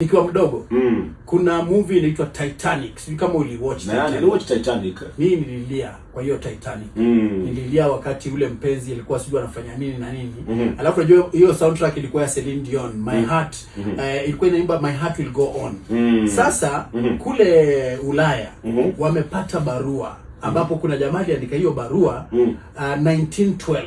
Nikiwa mdogo mm. Kuna movie inaitwa Titanic, sijui kama uliwatch Titanic. Titanic. Mimi nililia kwa hiyo Titanic. Mm. Nililia wakati ule mpenzi alikuwa sijui anafanya nini na nini. Mm -hmm. Alafu najua hiyo soundtrack ilikuwa ya Celine Dion, My mm -hmm. Heart mm -hmm. Uh, ilikuwa inaimba My Heart Will Go On. Mm. Sasa mm -hmm. kule Ulaya mm -hmm. wamepata barua ambapo kuna jamaa aliandika hiyo barua mm. uh, 1912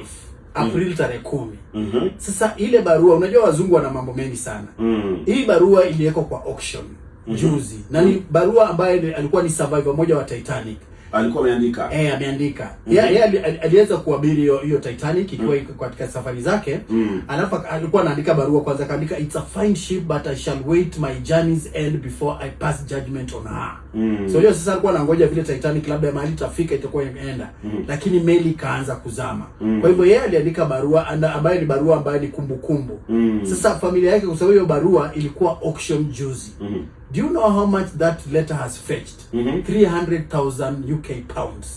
Aprili mm-hmm. tarehe kumi. mm -hmm. Sasa ile barua, unajua wazungu wana mambo mengi sana. mm -hmm. Hii barua iliwekwa kwa auction mm-hmm. juzi. mm -hmm. na ni mm-hmm. barua ambayo alikuwa ni survivor moja wa Titanic alikuwa ameandika eh, ameandika mm -hmm. yeye yeah, aliweza kuabiri hiyo hiyo Titanic ikiwa mm -hmm. katika safari zake mm -hmm. alafu alikuwa anaandika barua kwanza, kaandika it's a fine ship but I shall wait my journey's end before I pass judgment on her mm -hmm. so hiyo sasa alikuwa anangoja vile Titanic labda mahali itafika itakuwa imeenda mm -hmm. lakini meli ikaanza kuzama mm -hmm. kwa hivyo yeye aliandika barua ambayo ni barua ambayo ni kumbukumbu mm -hmm. Sasa familia yake, kwa sababu hiyo barua ilikuwa auction juzi mm -hmm. Do you know how much that letter has fetched? Mm -hmm. 300,000 UK pounds.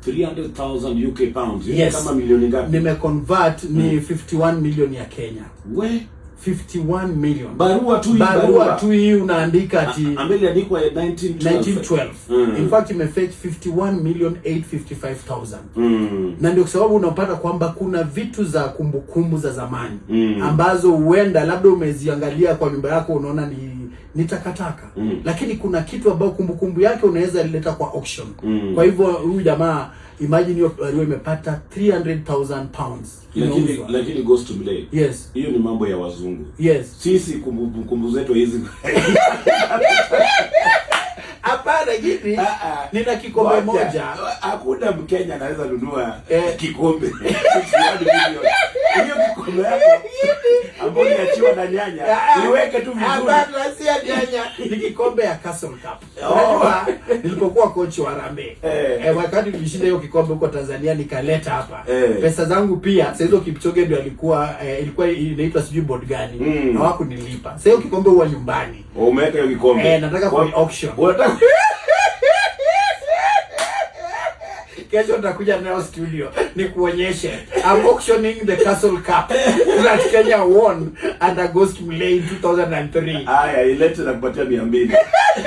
300,000 UK pounds. Yes. Kama milioni ngapi? Nimeconvert mm. ni 51 million ya Kenya. We 51 million. Barua tu hii barua barua tu hii unaandika ati ambaye andikwa 1912. 1912. Mm. In fact imefetch 51 million 855,000. Mm. Na ndio sababu unapata kwamba kuna vitu za kumbukumbu za zamani mm. ambazo huenda labda umeziangalia kwa nyumba yako unaona ni ni takataka mm. Lakini kuna kitu ambayo kumbukumbu yake unaweza ileta kwa auction mm. Kwa hivyo huyu jamaa imagine hiyo barua uh, imepata 300,000 pounds, lakini lakini goes to play. Yes, hiyo ni mambo ya wazungu. Yes, sisi kumbukumbu zetu hizi Hapana, hivi ah, ah. nina kikombe moja. Hakuna Mkenya anaweza nunua eh, kikombe mikono yako ambayo inachiwa na nyanya iweke tu vizuri. nyanya, ni kikombe ya Castle Cup. Oh. Unajua nilipokuwa coach wa Harambee eh. eh, wakati nilishinda hiyo kikombe huko Tanzania nikaleta hapa eh. pesa zangu pia. Sasa hizo Kipchoge ndio alikuwa eh, ilikuwa inaitwa sijui board gani mm. na wako Sasa hiyo kikombe huwa nyumbani, umeweka hiyo kikombe eh, nataka kwa auction unataka Kesho nitakuja nayo studio nikuonyeshe. I'm auctioning the Castle Cup that Kenya won under Ghost Mlay 2003. Aya, ilete na kupatia 200.